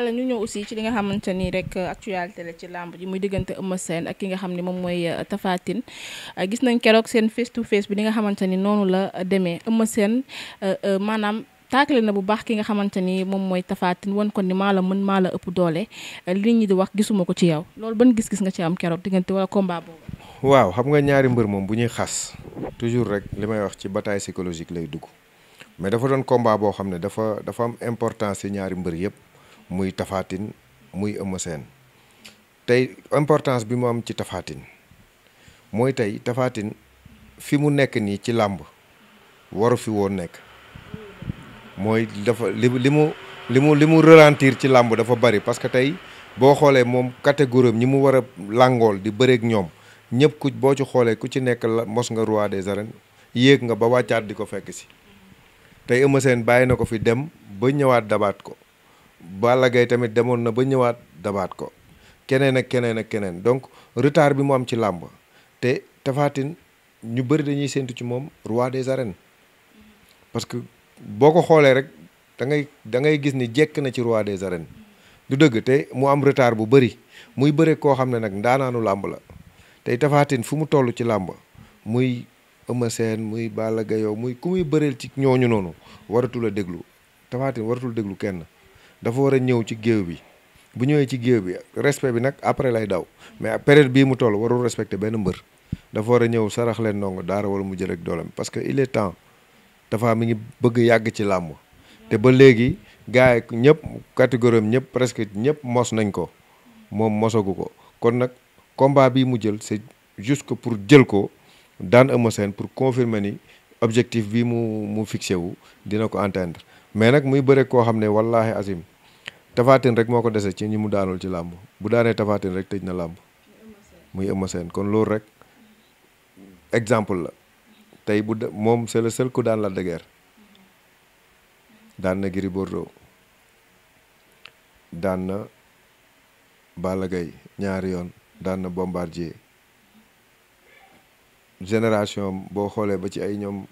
Balla ñu ñëw aussi ci li nga xamante ni rek euh, actualité la ci làmb ji muy diggante Eumeu Sène ak ki nga xam ne moom mooy euh, Tapha Tine euh, gis nañ keroog seen face to bi li nga xamante ni noonu la demee Eumeu Sène maanaam taakale na bu baax ki nga xamante ni moom mooy Tapha wan ko ni maa la mën maa la ëpp doole li ñi di wax gisuma ko ci yow loolu ban gis-gis nga ci am keroog diggante wala combat boobu. waaw xam nga ñaari mbër moom bu ñuy xas toujours rek li may wax ci bataille psychologique lay dugg mais dafa doon combat boo xam ne dafa dafa am importance ci ñaari mbër yëpp. muy tafaatin muy Eumeu Sène tey importance bi mu am ci tafaatin mooy tey tafaatin fi mu nekk nii ci làmb waru fi woon nekk mooy dafa li li mu li mu li mu ralentir ci làmb dafa bari parce que tey boo xoolee moom catégorie ñi mu war a làngool di bëreek ñoom ñëpp ku boo ci xoolee ku ci nekk la mos nga roi des arènes yéeg nga ba wàccaat di ko fekk si tey Eumeu bàyyi na ko fi dem ba ñëwaat dabaat ko Balla gay tamit demoon na ba ñëwaat dabaat ko keneen ak keneen ak keneen donc retard bi mu am ci làmb te Tapha ñu bëri dañuy séntu ci moom roi des arènes parce que boo ko xoolee rek da ngay da ngay gis ni jekk na ci roi des arènes du dëgg te mu am retard bu bëri muy bëre koo xam ne nag ndaanaanu làmb la tey Tapha fu mu toll ci làmb muy Eumeu Sène muy Balla Gaye muy ku muy bëreel ci ñooñu noonu waratul a déglu Tapha Tine waratul déglu kenn dafa war a ñëw ci géew bi bu ñëwee ci géew bi respect bi nag après lay daw mais période bii mu toll warul respecte benn mbër dafa war a ñëw sarax leen ndongo daara wala mu jël ak doolam parce que il est temps dafa mi ngi bëgg yàgg ci làmb te ba léegi gars yi ñëpp catégorie ñëpp presque ñëpp mos nañ ko moom mosagu ko kon nag combat bi mu jël c'est juste ko pour jël ko daan Eumeu pour confirmer ni objectif bi mu mu fixé wu dina ko entendre mais nag muy bëre koo xam ne wallaahi azim tafaatin rek moo ko dese ci ñi mu daanul ci làmb bu daanee tafaatin rek tëj na làmb muy Eumeu Sène kon loolu rek exemple la tey bu moom c'est le seul ku daan la dëgër daan na Gris daan na Balla Gaye ñaari yoon daan na Bombardier génération boo xoolee ba ci ay ñoom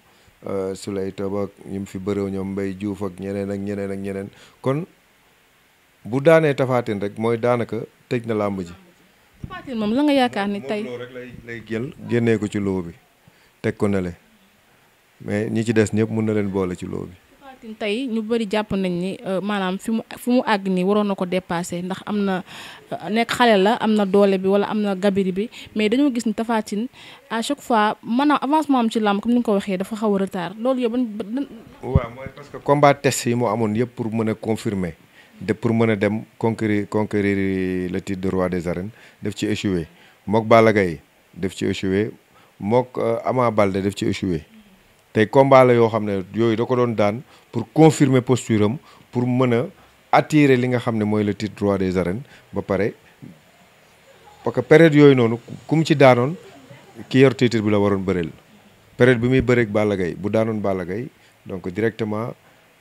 Euh, Souley Toba ak ñi fi bëreew mbay Mbaye Diouf ak ñeneen ak ñeneen ak ñeneen kon bu daanee tafaatin rek mooy daanaka tëj na làmb ji. tafaatin moom la nga yaakaar ni tey moom rek lay génnee ko ci loo bi teg ko na le mais ñi ci des ñëpp mun na leen boole ci loo bi. tey ñu bëri jàpp nañ ni euh, maanaam fi mu fi mu àgg nii waroon na ko dépassé ndax am na euh, nekk xale la am na doole bi wala am na gabari bi mais dañoo gis ni Tapha Tine à chaque fois maanaam avancement am ci làmb comme ni nga ko waxee dafa xaw a retard loolu yow parce que combat test yi mu amoon yëpp pour mën a confirmer de pour mën a dem conquérir conquérir le titre de roi des arènes def ci échoué mook Balla yi def ci échoué mook euh, Ama Baldé daf ci échoué. tey combat yoo xam ne yooyu da ko doon daan pour confirmer posture am pour mën a attirer li nga xam ne mooy le titre roi des arènes ba pare parce que période yooyu noonu ku ci daanoon ki yor titre bi la waroon bëreel période bi muy bëreeg Balla Gaye bu daanoon Balla donc directement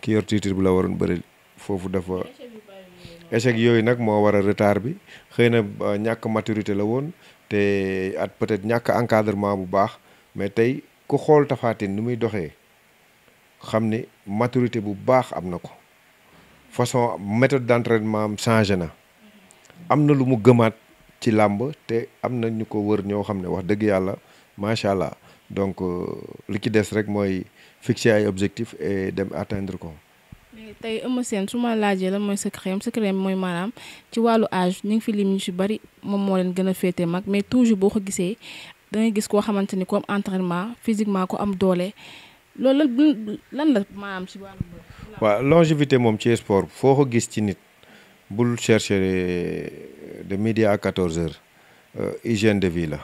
ki yor titre bi la waroon bëreel foofu dafa échec yooyu nag moo war a retard bi xëy na euh, ñàkk maturité la woon te at peut-être ñàkk encadrement bu baax mais tey ku xool tafaatin nu muy doxee xam ni maturité bu baax am na ko façon méthode d'entraînement am changé na am na lu mu gëmaat ci làmb te am na ñu ko wër ñoo xam ne wax dëgg yàlla macha allah donc euh, li ci des rek mooy fixer ay objectifs et dem atteindre ko. tey Eumeu Sène su ma laajee la mooy secret am secret mooy maanaam ci wàllu âge ñu ngi fi lim ñu si bari moom moo leen gën a féete mag mais toujours boo ko gisee da ngay gis koo xamante ni comme entraînement physiquement ko am doole loolu lan la maanaam si wàllu waaw longévité moom ci sport foo ko gis ci nit bul chercher de midi à quatorze heures euh, hygiène de vie la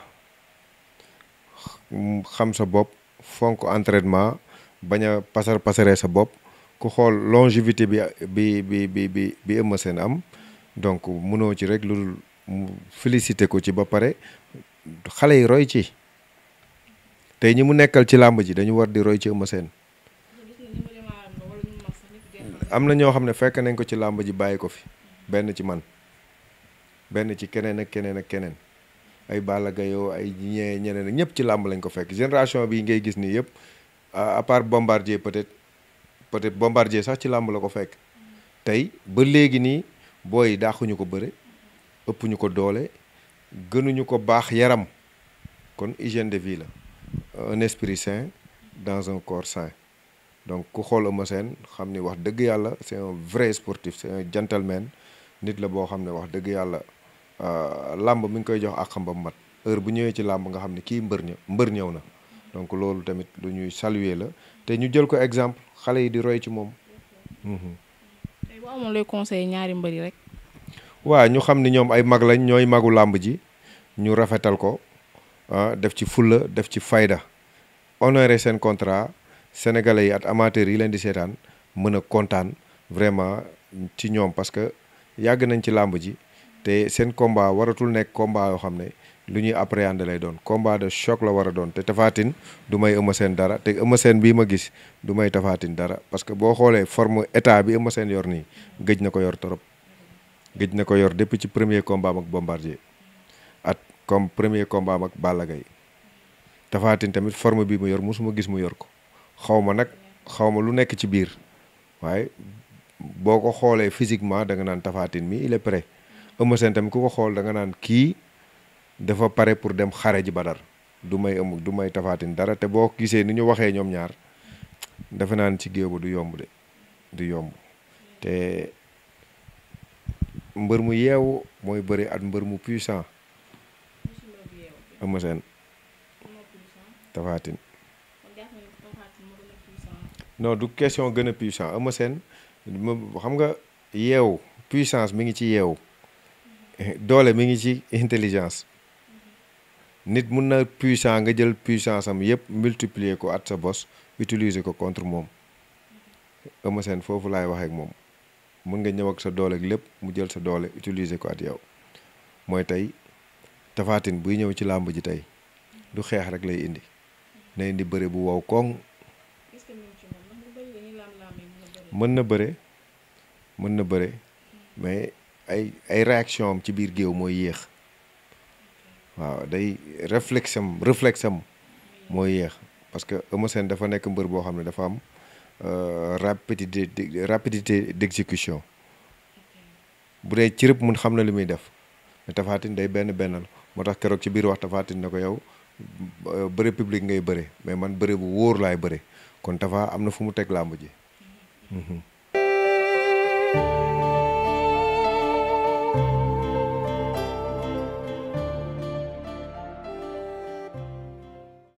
xam sa bopp fonk entraînement bañ a pasar pasaree sa bopp ku xool longévité bi bi bi bi bi bi Eumeu Sène am donc mënoo ci rek lu dul félicité ko ci ba pare xale yi roy ci tey ñi mu nekkal ci làmb ji dañu war di roy ci Eumeu Sène am na ñoo xam ne fekk nañ ko ci làmb ji bàyyi ko fi benn ci man benn ci keneen ak keneen ak keneen ay Balla Gaye ay ñee ñeneen ak ñëpp ci làmb lañ ko fekk génération bi ngay gis nii yëpp a part Bombardier peut-être peut-être Bombardier sax ci làmb la ko fekk tey ba léegi nii booy daaxuñu ko bëre ëpp ñu ko doole gënuñu ko baax yaram kon hygiène de vie la un esprit sain dans un corps sain donc ku xool Eumeu Sène xam ni wax dëgg yàlla c'est un vrai sportif c'est un gentleman nit la boo xam ne wax dëgg yàlla euh, làmb mi ngi koy jox ak xam mu mat heure bu ñëwee ci làmb nga xam ne kii mbër ñë ñëw na donc loolu tamit lu ñuy saluer la te ñu jël ko exemple xale yi di roy ci moom. Mhm. tey boo amoon looy conseil ñaari mbër rek. waaw ñu xam ni ñoom ay mag lañ ñooy magu làmb ji ñu rafetal ko ah, def ci fulla def ci fayda honoré seen contrat sénégalais yi at amateurs yi leen di seetaan mën a kontaan vraiment ci ñoom parce que yàgg nañ ci làmb ji te seen combat waratul nekk combat yoo xam ne lu ñuy appréhender lay doon combat de choc la war doon te tafaatin du may Eumeu dara te Eumeu Sène bii ma gis du may tafaatin dara parce que boo xoolee forme état bi Eumeu Sène yor nii gëj na ko yor trop gëj na ko yor depuis ci premier combat am ak at comme premier combat am ak Balla tafaatin tamit forme bii mu yor mosuma gis mu yor ko xaw ma nag xaw ma lu nekk ci biir waaye boo ko xoolee physiquement da nga naan Tapha Tine mi il est prêt seen Sène tamit ku ko xool da nga naan kii dafa pare pour dem xare ji Badar du may ëmm du may Tapha dara te boo gisee ni ñu waxee ñoom ñaar defe naan ci géew ba du yomb de du yomb te mbër mu yeewu mooy bëri at mbër mu puissant Eumeu Sène no du question gën a puissant Eumeu Sène xam nga yeewu puissance mi ngi ci yeewu doole mi ngi ci intelligence nit mun na puissant nga jël puissance am yëpp multiplier ko at sa bos utiliser ko contre moom Eumeu foofu laay waxeek moom mun nga ñëw ak sa doole lépp mu jël sa doole utiliser ko at yow mooy tey tafaatin buy ñëw ci làmb ji tey du xeex rek lay indi na indi bëre bu wow koŋ mën na bëre mën na bëre mais ay ay réaction am ci biir géew mooy yéex waaw day réflexe am mooy yéex parce que Eumeu dafa nekk mbër boo xam ne dafa am euh, rapidité rapidité d'exécution bu dee cërëb mun xam na li muy def mais Tapha Tine day benn bennal moo tax keroog ci biir wax Tapha Tine ne ko yow bëre public ngay bëre mais man bëre bu wóor laay bëre kon Tapha am na fu mu teg làmb ji. Mhm. Mhm.